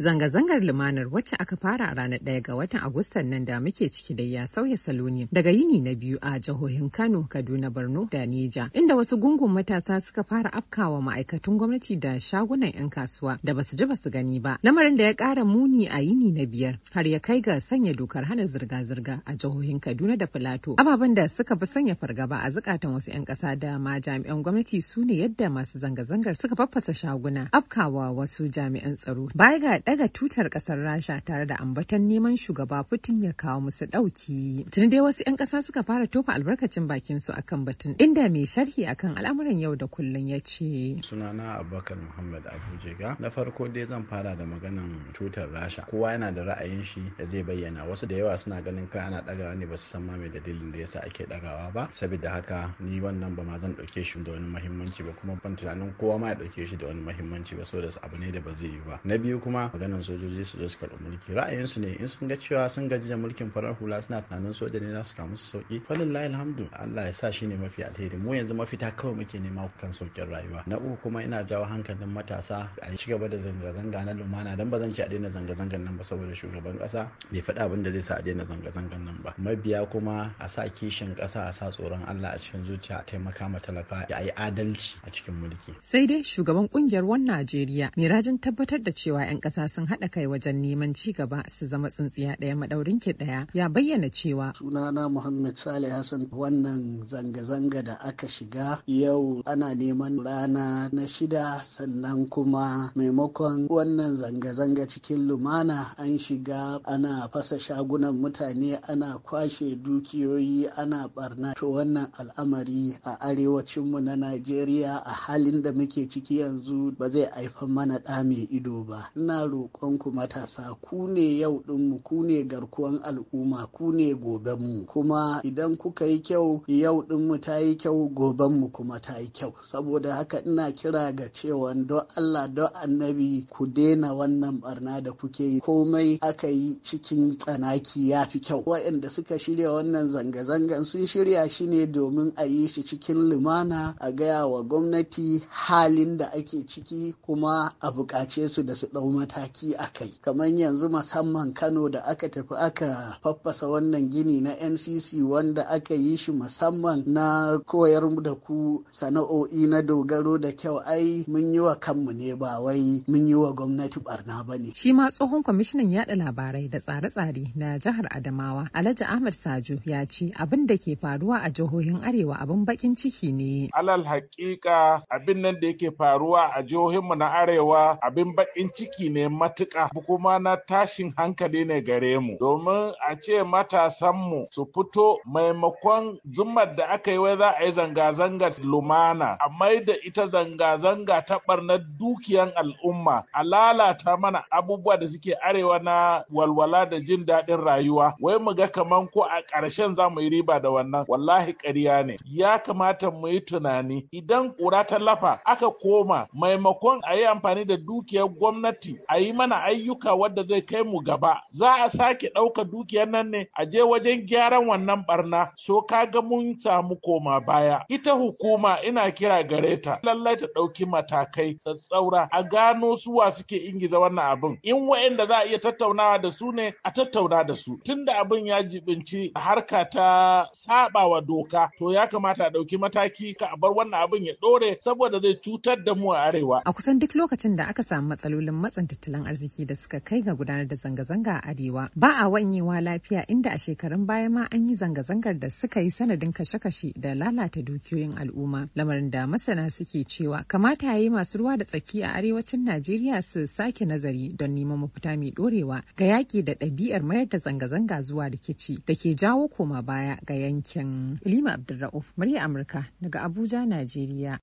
Zanga-zangar lumanar wacce aka fara a ranar ɗaya ga watan Agustan nan da muke ciki da ya sauya saloni daga yini na biyu a jihohin Kano, Kaduna, Borno da Neja, inda wasu gungun matasa suka fara afkawa ma'aikatun gwamnati da shagunan 'yan kasuwa da basu ji basu gani ba. Lamarin da ya ƙara muni a yini na biyar har ya kai ga sanya dokar hana zirga-zirga a jihohin Kaduna da Filato. Ababen da suka fi sanya fargaba a zukatan wasu 'yan ƙasa da ma jami'an gwamnati su ne yadda masu zanga-zangar suka faffasa shaguna afkawa wasu jami'an tsaro. Baya ga daga tutar kasar Rasha tare da ambatan neman shugaba Putin ya kawo musu dauki Tuni dai wasu 'yan kasa suka fara tofa albarkacin bakin su akan batun inda mai sharhi akan al'amuran yau da kullun ya ce. Sunana Abubakar Muhammad Abujega. Na farko dai zan fara da maganan tutar Rasha. Kowa yana da ra'ayin shi da zai bayyana. Wasu da yawa suna ganin kai ana dagawa ne basu san ma mai dalilin da yasa ake dagawa ba. Saboda haka ni wannan ba ma zan dauke shi da wani muhimmanci ba kuma ban tunanin kowa ma ya dauke shi da wani muhimmanci ba saboda abu ne da ba zai yi ba. Na biyu kuma maganan sojoji su zo su karɓi mulki ra'ayinsu ne in sun ga cewa sun gaji da mulkin farar hula suna tunanin soja ne za su kamu su sauki layi alhamdu Allah ya sa shi ne mafi alheri mu yanzu mafita kawai muke nema kan saukin rayuwa na uku kuma ina jawo hankalin matasa a ci gaba da zanga-zanga na lumana dan ba zan ci a daina zanga-zangan nan ba saboda shugaban kasa bai faɗa abin da zai sa a daina zanga-zangan nan ba mabiya kuma a sa kishin ƙasa a sa tsoron Allah a cikin zuciya a taimaka ma talaka ya yi adalci a cikin mulki sai dai shugaban kungiyar wan Najeriya mirajin tabbatar da cewa 'yan kasa matasa sun haɗa kai wajen neman ci gaba su zama tsintsiya ɗaya maɗaurin ki ɗaya ya bayyana cewa. Sunana Muhammad Saleh Hassan wannan zanga-zanga da aka shiga yau ana neman rana na shida sannan kuma maimakon wannan zanga-zanga cikin lumana an shiga ana fasa shagunan mutane ana kwashe dukiyoyi ana barna to wannan al'amari a arewacinmu na Najeriya a halin da muke ciki yanzu ba zai haifa mana ɗa mai ido ba. Ina roƙonku matasa ku ne yau ɗinmu ku ne garkuwan al'umma ku ne gobenmu kuma idan kuka yi kyau yau ɗinmu ta yi kyau gobenmu kuma ta yi kyau saboda haka ina kira ga cewa don Allah don annabi ku daina wannan barna da kuke yi komai aka yi cikin tsanaki ya fi kyau waɗanda suka shirya wannan zanga-zangan sun shirya shi ne domin a yi shi cikin lumana a gaya wa gwamnati halin da ake ciki kuma a buƙace su da su ɗau mata. mataki a kai kamar yanzu musamman kano da aka tafi aka faffasa wannan gini na ncc wanda aka yi shi musamman na koyar da ku sana'o'i na dogaro da kyau ai mun yi wa kanmu ne ba wai mun yi wa gwamnati barna ba ne shi ma tsohon kwamishinan yada labarai da tsare-tsare na jihar adamawa alhaji ahmad saju ya ci abin da ke faruwa a jihohin arewa abin bakin ciki ne alal hakika abin nan da yake faruwa a jihohinmu na arewa abin bakin ciki ne matuƙa kuma na tashin hankali ne gare mu domin a ce matasanmu su fito maimakon zumar da aka yi wai za a yi zanga-zanga lumana a mai da ita zanga-zanga ta ɓarnar dukiyan al'umma a lalata mana abubuwa da suke arewa na walwala da jin daɗin rayuwa wai mu ga kaman ko a ƙarshen za mu yi riba da wannan wallahi ƙarya ne ya kamata mu yi tunani idan ƙura ta lafa aka koma maimakon a yi amfani da dukiyar gwamnati a yi mana ayyuka wadda zai kai mu gaba za a sake ɗauka dukiyar nan ne a je wajen gyaran wannan barna so ga mun samu koma baya ita hukuma ina kira gare ta lallai ta ɗauki matakai tsatsaura a gano suwa suke ingiza wannan abin in wa'anda za a iya tattaunawa da su ne a tattauna da su tunda abin ya jibinci harka ta sabawa doka to ya kamata a ɗauki mataki ka a bar wannan abin ya ɗore saboda zai cutar da mu a arewa a kusan duk lokacin da aka samu matsalolin matsanta tattalin arziki da suka kai ga gudanar da zanga-zanga a arewa ba a wanyewa lafiya inda a shekarun baya ma an yi zanga-zangar da suka yi sanadin kashe-kashe da lalata dukiyoyin al'umma lamarin da masana suke cewa kamata ya yi masu ruwa da tsaki a arewacin najeriya su sake nazari don neman mafita mai dorewa ga yaƙi da ɗabi'ar mayar da zanga-zanga zuwa rikici da ke jawo koma baya ga yankin ilima abdulra'uf murya amurka daga abuja najeriya